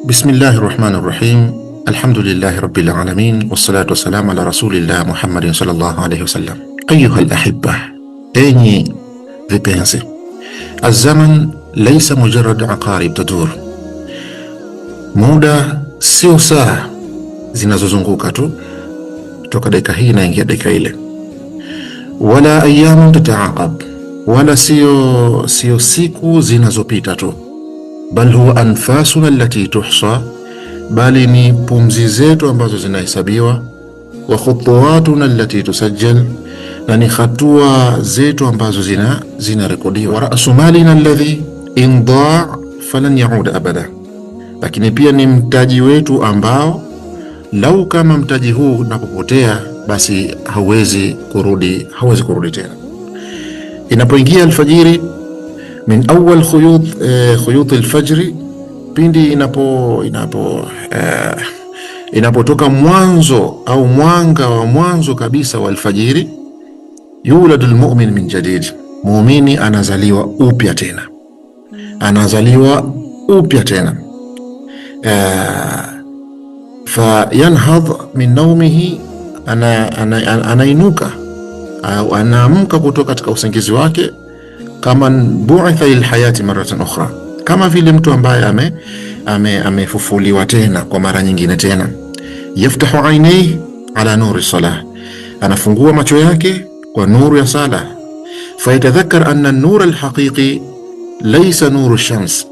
Bismillahi rahmani rahim, alhamdulillahi rabbil alamin, wassalatu wassalamu ala rasulillah Muhammadin sallallahu alayhi wasallam. ayuha ahibba, enyi vipenzi, azaman laisa mujarad aqarib tadur, muda sio saa zinazozunguka tu toka dakika hii naingia dakika ile, wala ayamu tataaqab, wala sio sio siku zinazopita tu bal huwa anfasuna allati tuhsa, bali ni pumzi zetu ambazo zinahesabiwa. Wa khutuwatuna allati tusajjal, na ni hatua zetu ambazo zina zinarekodiwa. Wa rasu malina alladhi in daa falan yaud abada, lakini pia ni mtaji wetu ambao lau kama mtaji huu unapopotea basi hauwezi kurudi, hauwezi kurudi tena. Inapoingia alfajiri min awal khuyut khuyut alfajri, pindi inapo inapo inapotoka mwanzo au mwanga wa mwanzo kabisa wa alfajiri, yuladu lmumin min jadid, muumini anazaliwa upya tena, anazaliwa upya tena fa fayanhadh min naumihi, anainuka ana, ana, ana au anaamka kutoka katika usingizi wake kama buitha lilhayati maratan ukhra, kama vile mtu ambaye ame amefufuliwa ame tena kwa mara nyingine tena. Yaftahu ainei ala nuri salah, anafungua macho yake kwa nuru ya sala. Fayatadhakkar anna nura alhaqiqi laisa nuru shams,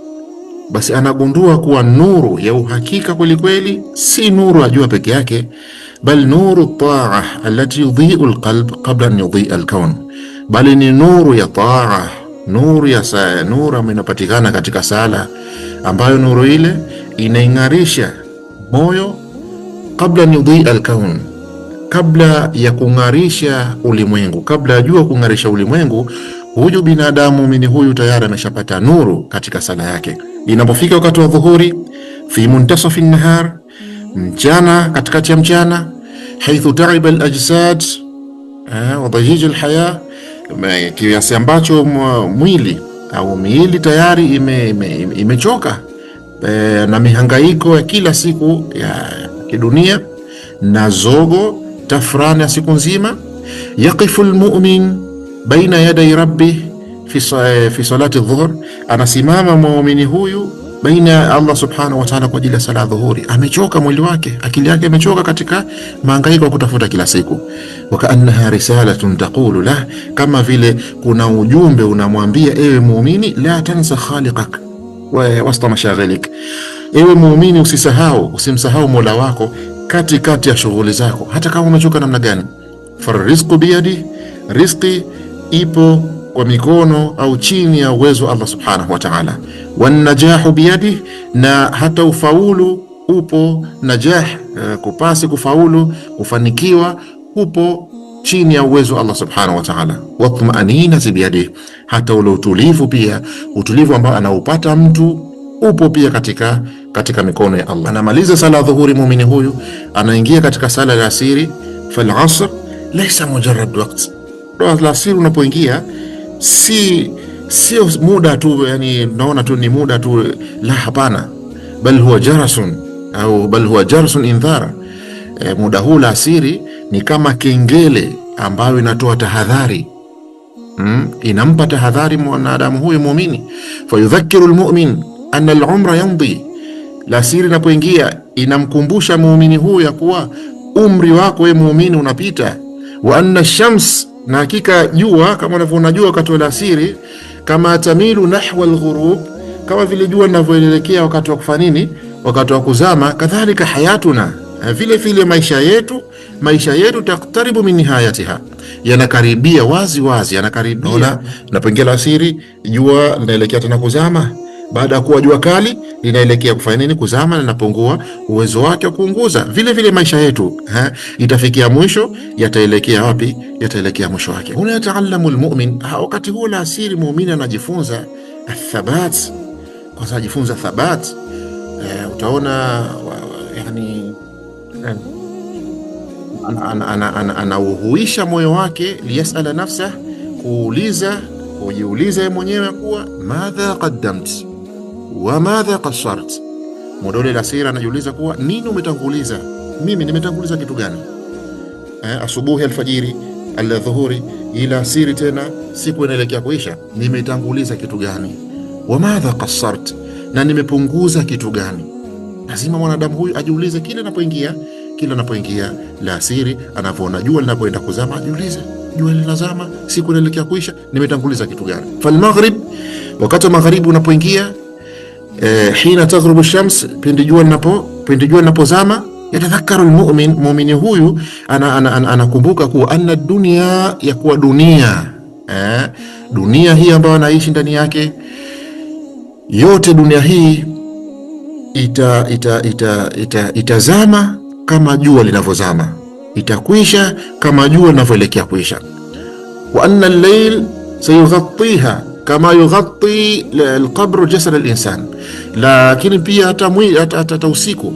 basi anagundua kuwa nuru ya uhakika kweli kweli si nuru ajua peke yake, bal nuru taa allati yudhi'u alqalb qabla an yudhi'a alkawn, bali ni nuru ya taa Nuru ya saa, nuru inapatikana katika sala, ambayo nuru ile inaing'arisha moyo kabla udhi alkaun, kabla ya kung'arisha ulimwengu, kabla ya jua kung'arisha ulimwengu. Huyu binadamu mini huyu tayari ameshapata nuru katika sala yake. Inapofika wakati wa dhuhuri, fi muntasafi nahar, mchana, katikati ya mchana, haithu taiba alajsad eh, wa dhajij alhaya kiasi ambacho mwili au miili tayari imechoka ime, ime e, na mihangaiko ya kila siku ya kidunia na zogo tafrani ya siku nzima. Yaqifu lmumin baina yadai rabbih fi salati dhuhur, anasimama muumini huyu baina ya Allah subhanahu wa ta'ala kwa ajili ya sala dhuhuri. Amechoka mwili wake, akili yake imechoka katika mahangaiko ya kutafuta kila siku. Wakaannaha risalatun taqulu lah, kama vile kuna ujumbe unamwambia ewe muumini, la tansa khaliqak wasta mashaghalik, ewe muumini usisahau, usimsahau mola wako katikati kati ya shughuli zako, hata kama umechoka namna gani. Farizqu biyadi, rizqi ipo kwa mikono au chini ya uwezo wa Allah subhanahu wa ta'ala. Wannajahu biyadihi, na hata ufaulu upo najah, eh, kupasi, kufaulu, kufanikiwa upo chini ya uwezo wa Allah subhanahu wa ta'ala. Watma'aninati biyadihi, hata ule utulivu pia, utulivu ambao anaupata mtu upo pia katika, katika mikono ya Allah. Anamaliza sala dhuhuri, muumini huyu anaingia katika sala ya asiri. Fal asr laysa mujarrad waqt, doa asiri unapoingia si sio muda tu, yani naona tu ni muda tu, la, hapana, bal huwa jarasun au bal huwa jarasun indhara. E, muda huu la asiri ni kama kengele ambayo inatoa tahadhari mm, inampa tahadhari mwanadamu huyu muumini. Fayudhakiru lmumin ana lumra yamdi, la asiri inapoingia inamkumbusha muumini huyu ya kuwa umri wako we muumini unapita. Wa anna shams na hakika jua kama unavyoona jua wakati wa alasiri, kama tamilu nahwa alghurub, kama vile jua linavyoelekea wakati wa kufanya nini, wakati wa kuzama. Kadhalika hayatuna, vile vile maisha yetu, maisha yetu taktaribu min nihayatiha, yanakaribia wazi wazi, yanakaribia. Na pengine asiri jua linaelekea tena kuzama baada ya kuwa jua kali linaelekea kufanya nini? Kuzama na linapungua uwezo wake wa kuunguza. Vile vile maisha yetu ha, itafikia mwisho, yataelekea wapi? Yataelekea mwisho wake. Huna yataalamu lmumin, wakati huo la asiri muumini anajifunza athabat, kwanza anajifunza thabat. E, eh, utaona yani anauhuisha moyo wake liyasala nafsah, kuuliza kujiuliza mwenyewe kuwa madha qaddamt wa madha qassart. Modole la sira anajiuliza kuwa nini umetanguliza, mimi nimetanguliza kitu gani? Eh, asubuhi, alfajiri, aladhuhuri, ila siri tena siku inaelekea kuisha, nimetanguliza kitu gani? Wa madha qassart, na nimepunguza kitu gani? Lazima mwanadamu huyu ajiulize kila anapoingia kila anapoingia la siri, anavyoona jua linapoenda kuzama, ajiulize jua linazama, siku inaelekea kuisha, nimetanguliza kitu gani? Falmaghrib, wakati wa magharibi unapoingia Eh, hina taghrubu shams, pindi jua linapo pindi jua linapozama. Yatadhakaru almu'min, muumini huyu anakumbuka ana, ana, ana kuwa anna dunia, ya kuwa dunia eh, dunia hii ambayo anaishi ndani yake yote, dunia hii itazama ita, ita, ita, ita kama jua linavyozama, itakwisha kama jua linavyoelekea kuisha. Wa anna al-layl sayughatiha kama yughati القبر jasad الانسان lakini pia hata, مو حتى usiku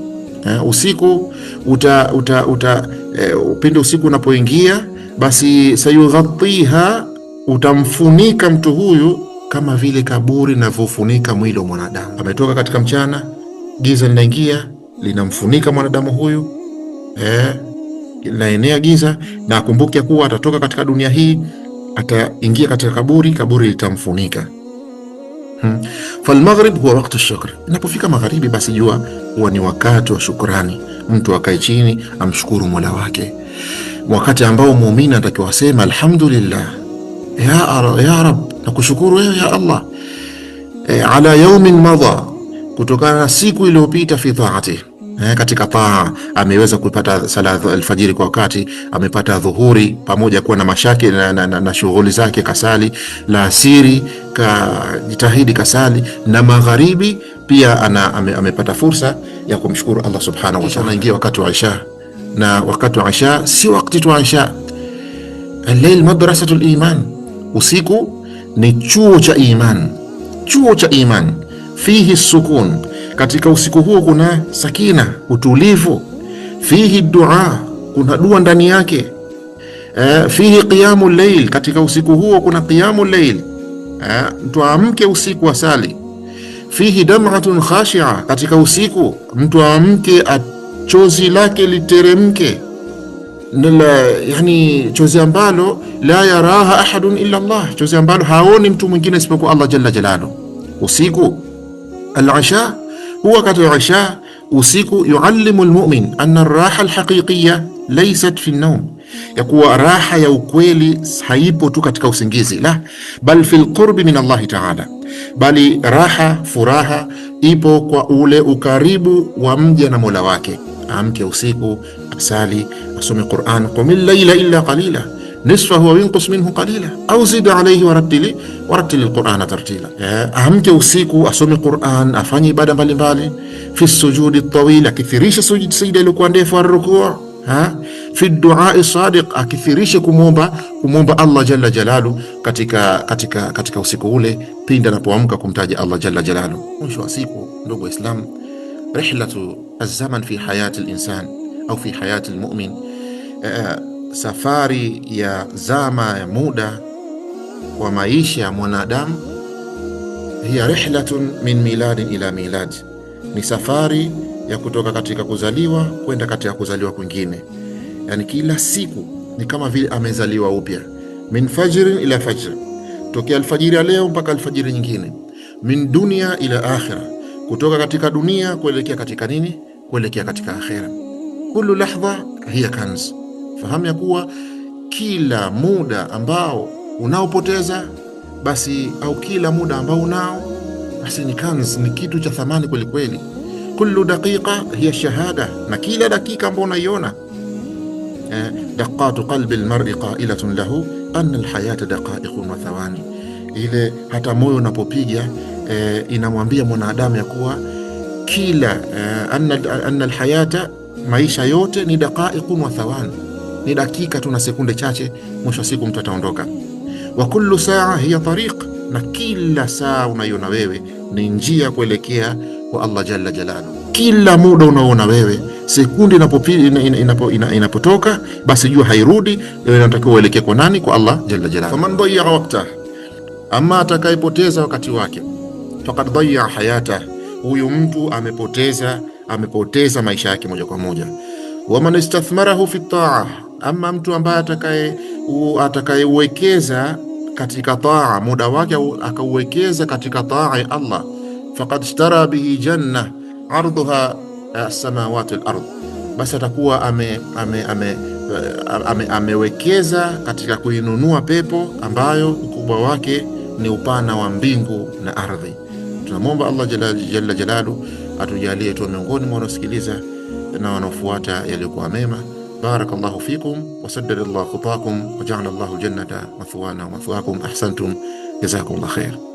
eh, usiku uta, uta, uta eh, upinde usiku unapoingia basi sayughatiha, utamfunika mtu huyu kama vile kaburi linavyofunika mwili wa mwanadamu. Ametoka katika mchana, giza linaingia linamfunika mwanadamu huyu eh, linaenea giza, na akumbuke kuwa atatoka katika dunia hii ataingia katika kaburi, kaburi litamfunika. Hmm. maghrib huwa waktu shukr, inapofika magharibi basi jua huwa ni wakati wa shukrani, mtu akae chini amshukuru Mola wake, wakati ambao muumini anatakiwa asema alhamdulillah ya, ya Rabb, nakushukuru wewe ya Allah e, ala yaumin madha, kutokana na siku iliyopita fi taati eh, katika paa ameweza kupata sala alfajiri kwa wakati, amepata dhuhuri pamoja kuwa na mashaki na, na, na, na shughuli zake, kasali la asiri kajitahidi kasali, na magharibi pia ana, ame, amepata fursa ya kumshukuru Allah subhanahu wa ta'ala. Anaingia wakati wa isha na wakati wa isha si wakati tu wa isha, al-lail madrasatul iman, usiku ni chuo cha iman, chuo cha iman fihi sukun katika usiku huo kuna sakina, utulivu. Fihi dua, kuna dua ndani yake. E, fihi qiyamu layl, katika usiku huo kuna qiyamu leil. E, eh, mtu aamke usiku asali. Fihi damatun khashia, katika usiku mtu amke chozi lake literemke Nila, yani chozi ambalo la yaraha ahadun illa Allah, chozi ambalo haoni mtu mwingine isipokuwa Allah jalla jalalu. Usiku al asha Huwa wakati wa isha usiku, yuallimu lmumin anna raha lhaqiqiya laysat fi lnaum ya kuwa raha ya ukweli haipo tu katika usingizi, la bal fi lqurbi min Allahi taala, bali raha furaha ipo kwa ule ukaribu wa mja na mola wake. Amke usiku, asali, asome Quran, qumil llaila illa qalila نصفه وينقص منه قليلا او زد عليه ورتلي ورتلي القران ترتيلا اهم كي اسيكو اسومي القران افاني بعد مبالي في السجود الطويل كثيريش سجود سيده لو كان الركوع ها في الدعاء الصادق اكثيريش كومبا كومبا الله جل جلاله كاتيكا كاتيكا كاتيكا usiku ule pinda napoamka kumtaja Allah jalla jalalu mwisho wa siku ndugu islam rihlatu azzaman fi hayati linsan au fi hayati lmumin safari ya zama ya muda wa maisha ya mwanadamu, hiya rihlatun min miladin ila miladi, ni safari ya kutoka katika kuzaliwa kwenda katika kuzaliwa kwingine. Yani kila siku ni kama vile amezaliwa upya, min fajrin ila fajri, tokea alfajiri ya leo mpaka alfajiri nyingine, min dunia ila akhira, kutoka katika dunia kuelekea katika nini? Kuelekea katika akhira. Kullu lahdha hiya kanz Fahamu ya kuwa kila muda ambao unaopoteza basi, au kila muda ambao unao basi, ni kanz, ni kitu cha thamani kwelikweli. Kullu daqiqa hiya shahada, na kila dakika ambao unaiona eh, daqatu qalbi almar'i qailatun lahu anna alhayata daqa'iqun wa thawani, ile hata moyo unapopiga eh, inamwambia mwanadamu ya kuwa kila eh, anna alhayata, maisha yote ni daqa'iqun wa thawani ni dakika tu na sekunde chache. Mwisho wa siku mtu ataondoka. Wa kullu saa hiya tariq, na kila saa unaiona wewe ni njia kuelekea kwa Allah jalla jalaluhu. Kila muda unaona wewe, sekunde inapotoka inapo, inapo, basi jua hairudi, inatakiwa uelekee kwa nani? Kwa Allah jalla jalaluhu. Faman dayya waqta, ama atakayepoteza wakati wake, faqad dayya hayata, huyu mtu amepoteza amepoteza maisha yake moja kwa moja. Waman istathmarahu fi taa ama mtu ambaye atakaye atakayewekeza katika taa muda wake akauwekeza katika taa ya Allah, faqad ishtara bihi janna arduha as-samawati eh, al-ard, basi atakuwa ame, ame, ame eh, Ame, amewekeza katika kuinunua pepo ambayo ukubwa wake ni upana wa mbingu na ardhi. Tunamwomba Allah jalla jalalu atujalie tuwe miongoni mwa wanaosikiliza na wanaofuata yaliyokuwa mema. بارك الله فيكم وسدد الله خطاكم وجعل الله الجنة مثوانا ومثواكم أحسنتم جزاكم الله خير